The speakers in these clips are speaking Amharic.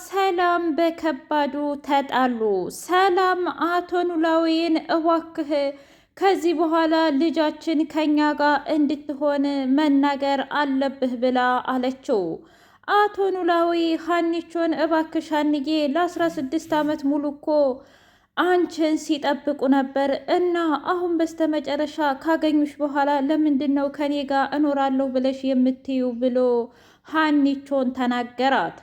ሰላም በከባዱ ተጣሉ። ሰላም አቶ ኖላዊን እባክህ ከዚህ በኋላ ልጃችን ከኛ ጋር እንድትሆን መናገር አለብህ ብላ አለችው። አቶ ኖላዊ ሀኒቾን እባክሽ ሀንዬ ለ16 ዓመት ሙሉ እኮ አንቺን ሲጠብቁ ነበር እና አሁን በስተመጨረሻ ካገኙሽ በኋላ ለምንድን ነው ከኔ ጋር እኖራለሁ ብለሽ የምትዩ ብሎ ሀኒቾን ተናገራት።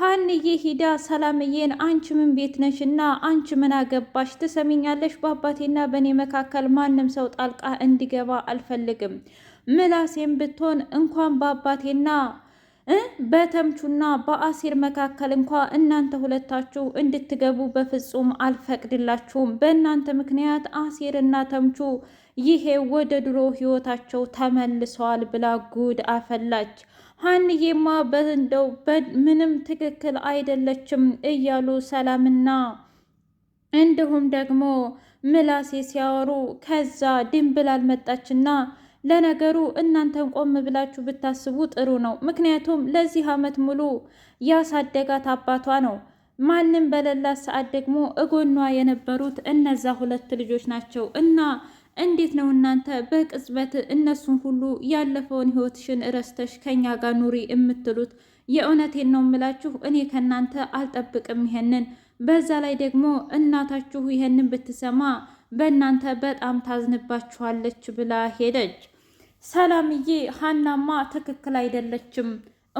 ሀንዬ ሂዳ ሰላምዬን አንቺ ምን ቤት ነሽ እና አንቺ ምን አገባሽ? ትሰሚኛለሽ? በአባቴና በእኔ መካከል ማንም ሰው ጣልቃ እንዲገባ አልፈልግም። ምላሴም ብትሆን እንኳን በአባቴና በተምቹና በአሲር መካከል እንኳ እናንተ ሁለታችሁ እንድትገቡ በፍጹም አልፈቅድላችሁም። በእናንተ ምክንያት አሲርና ተምቹ ይሄ ወደ ድሮ ህይወታቸው ተመልሰዋል ብላ ጉድ አፈላች። ሀንዬማ በእንደው ምንም ትክክል አይደለችም እያሉ ሰላምና እንዲሁም ደግሞ ምላሴ ሲያወሩ ከዛ ድንብላል ብላልመጣችና ለነገሩ እናንተን ቆም ብላችሁ ብታስቡ ጥሩ ነው። ምክንያቱም ለዚህ ዓመት ሙሉ ያሳደጋት አባቷ ነው። ማንም በሌላት ሰዓት ደግሞ እጎኗ የነበሩት እነዛ ሁለት ልጆች ናቸው እና እንዴት ነው እናንተ በቅጽበት እነሱን ሁሉ ያለፈውን ህይወትሽን እረስተሽ ከኛ ጋር ኑሪ የምትሉት? የእውነቴን ነው የምላችሁ፣ እኔ ከእናንተ አልጠብቅም ይሄንን። በዛ ላይ ደግሞ እናታችሁ ይሄንን ብትሰማ በእናንተ በጣም ታዝንባችኋለች ብላ ሄደች። ሰላምዬ ሀናማ ትክክል አይደለችም።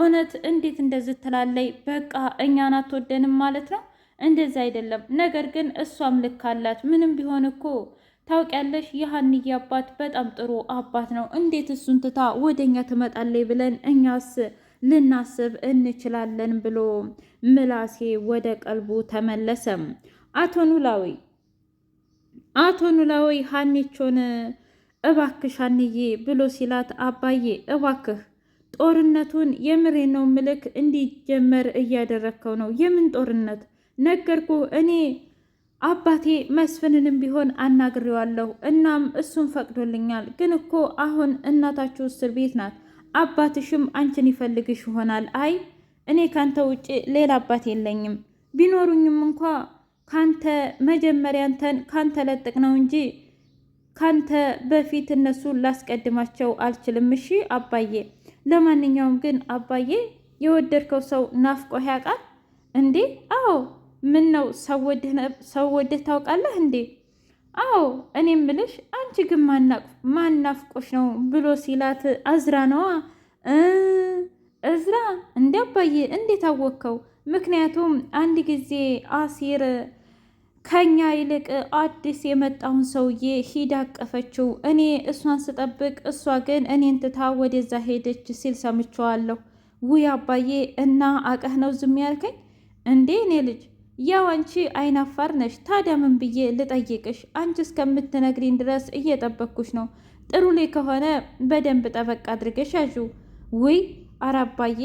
እውነት እንዴት እንደዚህ ትላለይ? በቃ እኛን አትወደንም ማለት ነው? እንደዚህ አይደለም። ነገር ግን እሷም ልክ አላት። ምንም ቢሆን እኮ ታውቂያለሽ የሀንዬ አባት በጣም ጥሩ አባት ነው። እንዴት እሱን ትታ ወደኛ ትመጣለች ብለን እኛስ ልናስብ እንችላለን ብሎ ምላሴ ወደ ቀልቡ ተመለሰም። አቶ ኖላዊ አቶ ኖላዊ ሀኒቾን እባክሽ ሀንዬ ብሎ ሲላት፣ አባዬ እባክህ ጦርነቱን የምሬ ነው ምልክ እንዲጀመር እያደረግከው ነው። የምን ጦርነት ነገርኩ እኔ አባቴ መስፍንንም ቢሆን አናግሬዋለሁ። እናም እሱን ፈቅዶልኛል። ግን እኮ አሁን እናታችሁ እስር ቤት ናት። አባትሽም አንቺን ይፈልግሽ ይሆናል። አይ እኔ ካንተ ውጭ ሌላ አባት የለኝም። ቢኖሩኝም እንኳ ካንተ መጀመሪያ አንተን ካንተ ለጥቅ ነው እንጂ ካንተ በፊት እነሱ ላስቀድማቸው አልችልም። እሺ አባዬ። ለማንኛውም ግን አባዬ የወደድከው ሰው ናፍቆህ ያውቃል እንዴ? አዎ ምን ነው ሰው ወደህ ታውቃለህ እንዴ? አዎ እኔ ምልሽ አንቺ ግን ማናፍቆሽ ነው ብሎ ሲላት አዝራ ነዋ። እዝራ እንዲ አባዬ እንዴት አወቅከው? ምክንያቱም አንድ ጊዜ አሲር ከኛ ይልቅ አዲስ የመጣውን ሰውዬ ሂድ አቀፈችው። እኔ እሷን ስጠብቅ እሷ ግን እኔን ትታ ወደዛ ሄደች ሲል ሰምቸዋለሁ። ውይ አባዬ እና አቀህ ነው ዝም ያልከኝ እንዴ? እኔ ልጅ ያው አንቺ አይናፋር ነሽ። ታዲያ ምን ብዬ ልጠይቅሽ? አንቺ እስከምትነግሪን ድረስ እየጠበኩሽ ነው። ጥሩ ላይ ከሆነ በደንብ ጠበቅ አድርገሽ ያዡ። ውይ አራባዬ፣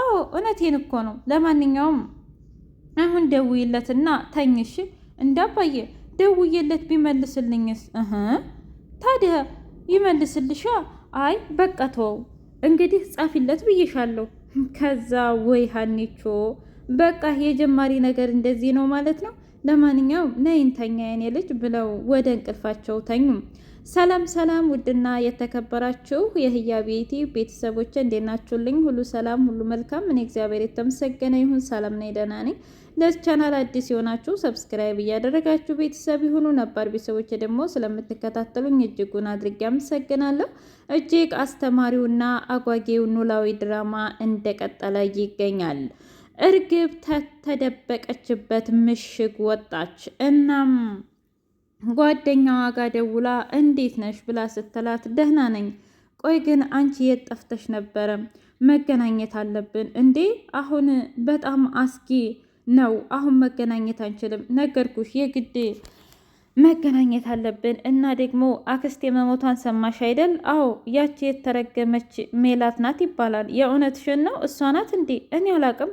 አዎ እውነቴን እኮ ነው። ለማንኛውም አሁን ደውይለትና ተኝሽ። እንዳባዬ ደውዬለት ቢመልስልኝስ? እህ ታዲያ ይመልስልሻ። አይ በቃ ተወው እንግዲህ ጻፊለት ብዬሻለሁ። ከዛ ወይ ሀኒቾ በቃ የጀማሪ ነገር እንደዚህ ነው ማለት ነው። ለማንኛውም ነይን ተኛ የኔ ልጅ ብለው ወደ እንቅልፋቸው ተኙ። ሰላም ሰላም! ውድና የተከበራችሁ የህያ ቤቲ ቤተሰቦች እንዴት ናችሁልኝ? ሁሉ ሰላም፣ ሁሉ መልካም። እኔ እግዚአብሔር የተመሰገነ ይሁን ሰላም ነኝ፣ ደህና ነኝ። ለዚህ ቻናል አዲስ የሆናችሁ ሰብስክራይብ እያደረጋችሁ ቤተሰብ የሆኑ ነባር ቤተሰቦች ደግሞ ስለምትከታተሉኝ እጅጉን አድርጌ አመሰግናለሁ። እጅግ አስተማሪውና አጓጌው ኖላዊ ድራማ እንደቀጠለ ይገኛል። እርግብ ተደበቀችበት ምሽግ ወጣች። እናም ጓደኛዋ ጋር ደውላ እንዴት ነሽ ብላ ስትላት ደህና ነኝ፣ ቆይ ግን አንቺ የት ጠፍተሽ ነበረ? መገናኘት አለብን እንዴ? አሁን በጣም አስጊ ነው። አሁን መገናኘት አንችልም። ነገርኩሽ፣ የግድ መገናኘት አለብን እና ደግሞ አክስቴ መሞቷን ሰማሽ አይደል? አዎ፣ ያቺ የተረገመች ሜላት ናት ይባላል። የእውነትሽን ነው? እሷ ናት እንዴ? እኔ አላቅም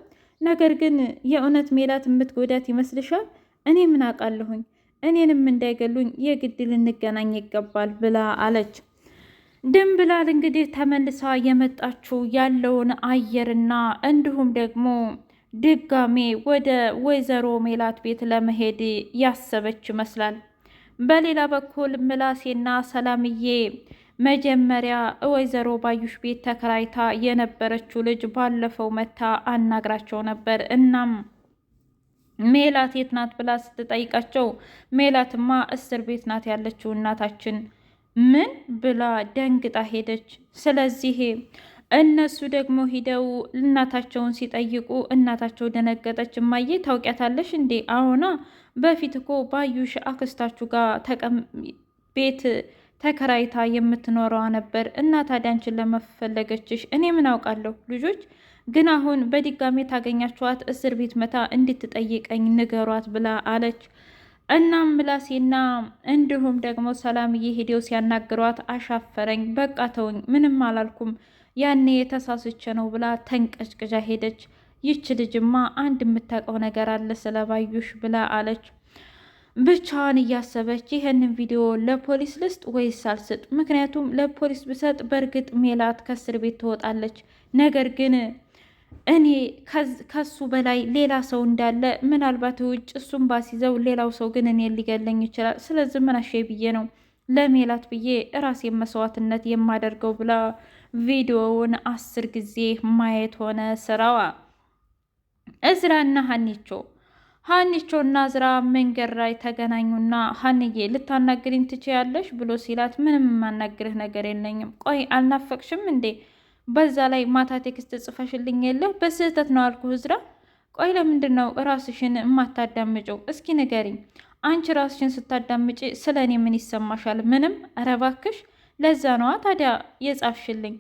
ነገር ግን የእውነት ሜላት የምትጎዳት ይመስልሻል? እኔ ምን አውቃለሁኝ? እኔንም እንዳይገሉኝ የግድ ልንገናኝ ይገባል ብላ አለች። ድንብላል እንግዲህ ተመልሳ የመጣችው ያለውን አየርና እንዲሁም ደግሞ ድጋሜ ወደ ወይዘሮ ሜላት ቤት ለመሄድ ያሰበች ይመስላል። በሌላ በኩል ምላሴና ሰላምዬ መጀመሪያ ወይዘሮ ባዩሽ ቤት ተከራይታ የነበረችው ልጅ ባለፈው መታ አናግራቸው ነበር። እናም ሜላት የት ናት ብላ ስትጠይቃቸው ሜላትማ እስር ቤት ናት ያለችው እናታችን ምን ብላ ደንግጣ ሄደች። ስለዚህ እነሱ ደግሞ ሂደው እናታቸውን ሲጠይቁ እናታቸው ደነገጠች። እማዬ ታውቂያታለሽ እንዴ? አሁና በፊት እኮ ባዩሽ አክስታችሁ ጋር ቤት ተከራይታ የምትኖረዋ ነበር እና ታዲያንችን ለመፈለገችሽ እኔ ምን አውቃለሁ ልጆች ግን አሁን በድጋሜ ታገኛችኋት እስር ቤት መታ እንድትጠይቀኝ ንገሯት ብላ አለች። እናም ምላሴና እንዲሁም ደግሞ ሰላምዬ ሄደው ሲያናግሯት አሻፈረኝ፣ በቃ ተውኝ፣ ምንም አላልኩም፣ ያኔ የተሳስቸ ነው ብላ ተንቀጭቅጃ ሄደች። ይች ልጅማ አንድ የምታውቀው ነገር አለ ስለባዩሽ ብላ አለች። ብቻዋን እያሰበች ይህንን ቪዲዮ ለፖሊስ ልስጥ ወይስ አልስጥ? ምክንያቱም ለፖሊስ ብሰጥ በእርግጥ ሜላት ከእስር ቤት ትወጣለች። ነገር ግን እኔ ከሱ በላይ ሌላ ሰው እንዳለ ምናልባት ውጭ እሱም ባስይዘው፣ ሌላው ሰው ግን እኔ ሊገለኝ ይችላል። ስለዚህ ምን አሸ ብዬ ነው ለሜላት ብዬ ራሴን መስዋዕትነት የማደርገው ብላ ቪዲዮውን አስር ጊዜ ማየት ሆነ ስራዋ። እዝራና ሀኒቾ ሀኒቾና ዝራ መንገድ ላይ ተገናኙና ሀንዬ ልታናግሪኝ ትችያለሽ ብሎ ሲላት ምንም የማናግርህ ነገር የለኝም። ቆይ አልናፈቅሽም እንዴ? በዛ ላይ ማታ ቴክስት ጽፈሽልኝ የለ በስህተት ነው አልኩህ ዝራ። ቆይ ለምንድን ነው ራስሽን የማታዳምጪው? እስኪ ንገሪኝ። አንቺ ራስሽን ስታዳምጪ ስለ እኔ ምን ይሰማሻል? ምንም። ኧረ እባክሽ። ለዛ ነዋ ታዲያ የጻፍሽልኝ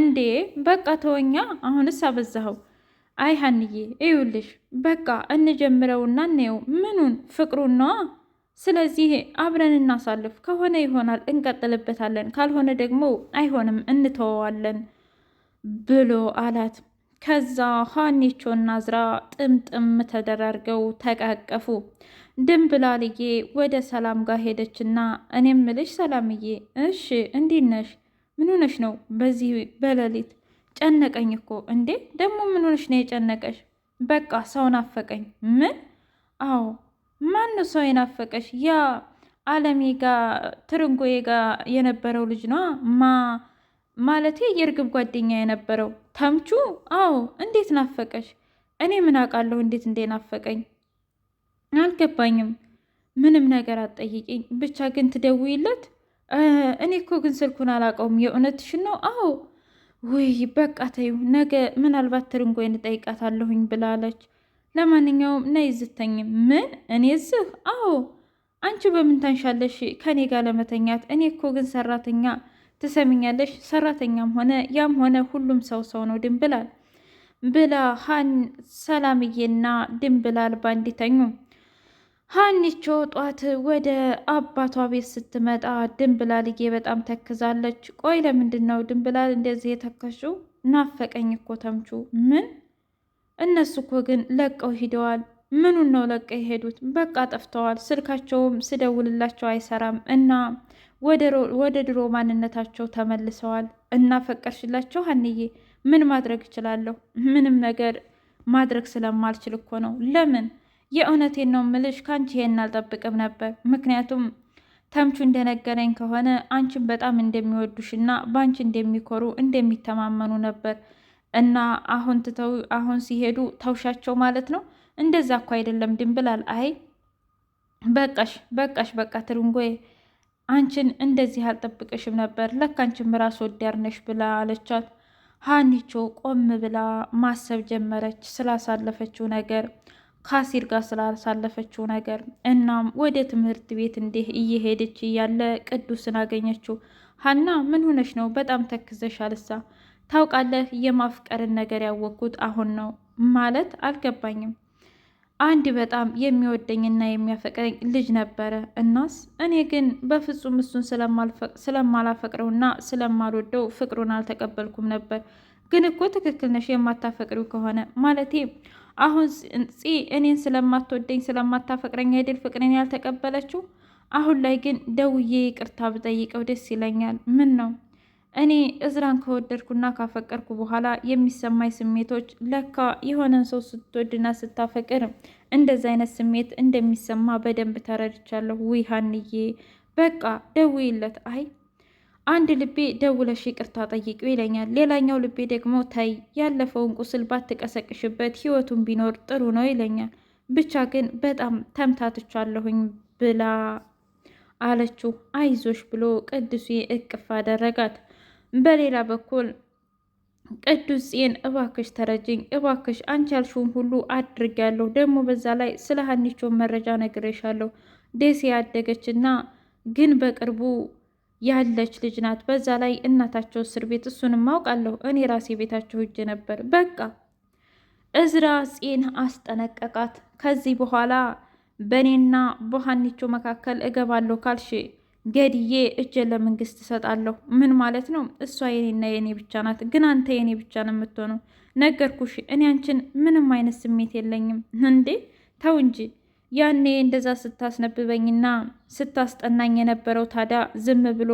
እንዴ። በቃ ተወኛ። አሁንስ አበዛኸው። አይ ሀንዬ እዩልሽ፣ በቃ እንጀምረውና እንየው። ምኑን ፍቅሩን ነዋ። ስለዚህ አብረን እናሳልፍ። ከሆነ ይሆናል፣ እንቀጥልበታለን። ካልሆነ ደግሞ አይሆንም፣ እንተወዋለን ብሎ አላት። ከዛ ሀኒቾና ዝራ ጥምጥም ተደራርገው ተቃቀፉ። ድንብላልዬ ወደ ሰላም ጋር ሄደችና እኔም ምልሽ ሰላምዬ፣ እሺ እንዲነሽ ምን ሆነሽ ነው በዚህ በሌሊት ጨነቀኝ እኮ እንዴ! ደግሞ ምን ሆነሽ ነው የጨነቀሽ? በቃ ሰው ናፈቀኝ። ምን? አዎ ማን ነው ሰው የናፈቀሽ? ያ አለሜ ጋ ትርንጎዬ ጋ የነበረው ልጅ ነዋ። ማ ማለቴ የእርግብ ጓደኛ የነበረው ተምቹ። አዎ እንዴት ናፈቀሽ? እኔ ምን አውቃለሁ እንዴት እንዴ ናፈቀኝ አልገባኝም። ምንም ነገር አትጠይቂኝ። ብቻ ግን ትደውይለት። እኔ እኮ ግን ስልኩን አላውቀውም። የእውነትሽን ነው? አዎ ውይ በቃ ተይው፣ ነገ ምናልባት ትርንጎይን እጠይቃታለሁኝ ብላለች። ለማንኛውም ነይ ዝተኝ። ምን እኔ ዝህ? አዎ አንቺ በምን ታንሻለሽ ከኔ ጋር ለመተኛት? እኔ እኮ ግን ሰራተኛ ትሰሚኛለሽ፣ ሰራተኛም ሆነ ያም ሆነ ሁሉም ሰው ሰው ነው ድንብላል ብላ ሀን ሰላምዬና ድንብላል ባንዲተኙም ሀኒቾ ጧት ወደ አባቷ ቤት ስትመጣ ድንብላልዬ በጣም ተክዛለች። ቆይ ለምንድን ነው ድንብላል እንደዚህ የተከሽው? ናፈቀኝ እኮ ተምቹ። ምን? እነሱ እኮ ግን ለቀው ሂደዋል። ምኑን ነው ለቀው የሄዱት? በቃ ጠፍተዋል። ስልካቸውም ስደውልላቸው አይሰራም እና ወደ ድሮ ማንነታቸው ተመልሰዋል። እና ፈቀድሽላቸው ምን ማድረግ እችላለሁ? ምንም ነገር ማድረግ ስለማልችል እኮ ነው። ለምን የእውነቴን ነው ምልሽ ከአንቺ ይሄን አልጠብቅም ነበር። ምክንያቱም ተምቹ እንደነገረኝ ከሆነ አንቺን በጣም እንደሚወዱሽና በአንቺ እንደሚኮሩ እንደሚተማመኑ ነበር። እና አሁን ትተው አሁን ሲሄዱ ተውሻቸው ማለት ነው? እንደዛ እኮ አይደለም ድንብላል። አይ በቃሽ በቃሽ በቃ ትርንጎዬ አንቺን እንደዚህ አልጠብቅሽም ነበር ለካ አንቺም ራስ ወዳድ ነሽ ብላ አለቻት። ሀኒቾ ቆም ብላ ማሰብ ጀመረች ስላሳለፈችው ነገር ካሲር ጋር ስላሳለፈችው ነገር። እናም ወደ ትምህርት ቤት እንዲህ እየሄደች እያለ ቅዱስን አገኘችው። ሀና ምን ሆነሽ ነው? በጣም ተክዘሽ አልሳ። ታውቃለህ፣ የማፍቀርን ነገር ያወቅኩት አሁን ነው ማለት አልገባኝም። አንድ በጣም የሚወደኝና የሚያፈቅረኝ ልጅ ነበረ። እናስ እኔ ግን በፍጹም እሱን ስለማላፈቅረውና ስለማልወደው ፍቅሩን አልተቀበልኩም ነበር። ግን እኮ ትክክል ነሽ የማታፈቅሪው ከሆነ ማለቴ አሁን ፂ እኔን ስለማትወደኝ ስለማታፈቅረኝ አይደል ፍቅሬን ያልተቀበለችው። አሁን ላይ ግን ደውዬ ይቅርታ ብጠይቀው ደስ ይለኛል። ምን ነው እኔ እዝራን ከወደድኩና ካፈቀርኩ በኋላ የሚሰማኝ ስሜቶች ለካ የሆነን ሰው ስትወድና ስታፈቅር እንደዚ አይነት ስሜት እንደሚሰማ በደንብ ተረድቻለሁ። ውይ ሀንዬ በቃ ደውይለት። አይ አንድ ልቤ ደውለሽ ይቅርታ ጠይቂው ይለኛል። ሌላኛው ልቤ ደግሞ ታይ ያለፈውን ቁስል ባትቀሰቅሽበት ህይወቱን ቢኖር ጥሩ ነው ይለኛል። ብቻ ግን በጣም ተምታትቻለሁኝ ብላ አለችው። አይዞሽ ብሎ ቅዱስ እቅፍ አደረጋት። በሌላ በኩል ቅዱስ ጽን እባክሽ ተረጅኝ፣ እባክሽ አንቺ ያልሽውን ሁሉ አድርጊያለሁ። ደግሞ በዛ ላይ ስለ ሀኒቾን መረጃ ነግሬሻለሁ። ደሴ ያደገች እና ግን በቅርቡ ያለች ልጅ ናት። በዛ ላይ እናታቸው እስር ቤት፣ እሱንም አውቃለሁ እኔ ራሴ ቤታቸው እጅ ነበር። በቃ እዝራ ፄን አስጠነቀቃት። ከዚህ በኋላ በእኔና በሀኒቾ መካከል እገባለሁ ካልሽ ገድዬ እጄን ለመንግስት እሰጣለሁ። ምን ማለት ነው? እሷ የኔና የኔ ብቻ ናት፣ ግን አንተ የኔ ብቻ ነው የምትሆነው። ነገርኩሽ፣ እኔ አንቺን ምንም አይነት ስሜት የለኝም። እንዴ ተው እንጂ ያኔ እንደዛ ስታስነብበኝና ስታስጠናኝ የነበረው ታዲያ ዝም ብሎ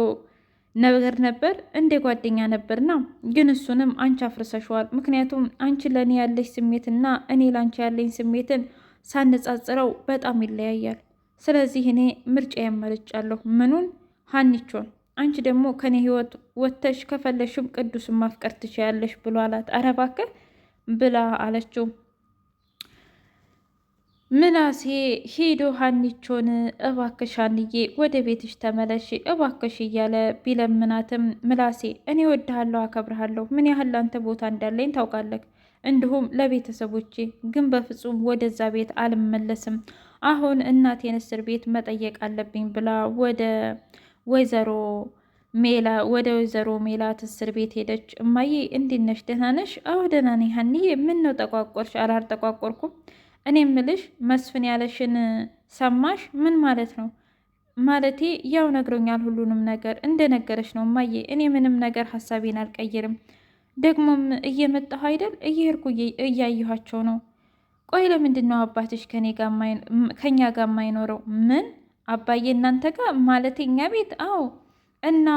ነገር ነበር እንደ ጓደኛ ነበርና፣ ግን እሱንም አንቺ አፍርሰሸዋል። ምክንያቱም አንቺ ለእኔ ያለሽ ስሜትና እኔ ላንቺ ያለኝ ስሜትን ሳነጻጽረው በጣም ይለያያል። ስለዚህ እኔ ምርጫ ያመርጫለሁ። ምኑን? ሀኒቾን። አንቺ ደግሞ ከኔ ህይወት ወጥተሽ ከፈለሽም ቅዱስን ማፍቀር ትችያለሽ ብሎ አላት። አረ እባክህ ብላ አለችው። ምናሴ ሄዶ ሀኒቾን እባክሽ ወደ ቤትሽ ተመለሽ እባክሽ እያለ ቢለምናትም ምላሴ እኔ ወድሃለሁ፣ አከብርሃለሁ ምን ያህል ላንተ ቦታ እንዳለኝ ታውቃለህ፣ እንዲሁም ለቤተሰቦቼ ግን በፍጹም ወደዛ ቤት አልመለስም። አሁን እናቴን እስር ቤት መጠየቅ አለብኝ ብላ ወደ ወይዘሮ ሜላ ወደ ወይዘሮ ሜላት እስር ቤት ሄደች። እማዬ እንዴት ነሽ? ደህና ነሽ? አዎ ደህና ነኝ ሀኒዬ። ምን ነው ጠቋቆርሽ? እኔ ምልሽ መስፍን ያለሽን ሰማሽ? ምን ማለት ነው? ማለቴ ያው ነግሮኛል፣ ሁሉንም ነገር እንደነገረች ነው። እማዬ እኔ ምንም ነገር ሀሳቤን አልቀይርም። ደግሞም እየመጣሁ አይደል? እየሄድኩ እያየኋቸው ነው። ቆይ ለምንድን ነው አባትሽ ከኛ ጋር የማይኖረው? ምን አባዬ እናንተ ጋር ማለቴ እኛ ቤት? አዎ። እና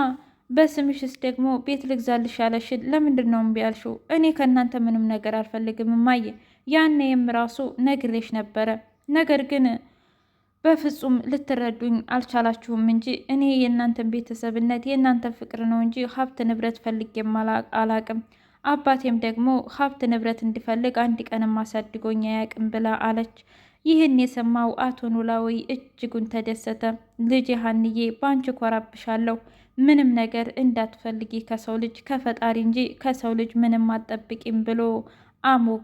በስምሽስ ደግሞ ቤት ልግዛልሽ ያለሽን ለምንድን ነው እምቢ ያልሽው? እኔ ከእናንተ ምንም ነገር አልፈልግም እማዬ ያኔም ራሱ ነግሬሽ ነበረ። ነገር ግን በፍጹም ልትረዱኝ አልቻላችሁም እንጂ እኔ የእናንተን ቤተሰብነት የእናንተ ፍቅር ነው እንጂ ሀብት ንብረት ፈልጌም አላቅም። አባቴም ደግሞ ሀብት ንብረት እንዲፈልግ አንድ ቀንም አሳድጎኝ አያቅም ብላ አለች። ይህን የሰማው አቶ ኖላዊ እጅጉን ተደሰተ። ልጅ ሀንዬ በአንቺ ኮራብሻለሁ። ምንም ነገር እንዳትፈልጊ ከሰው ልጅ ከፈጣሪ እንጂ ከሰው ልጅ ምንም አጠብቂም ብሎ አሞ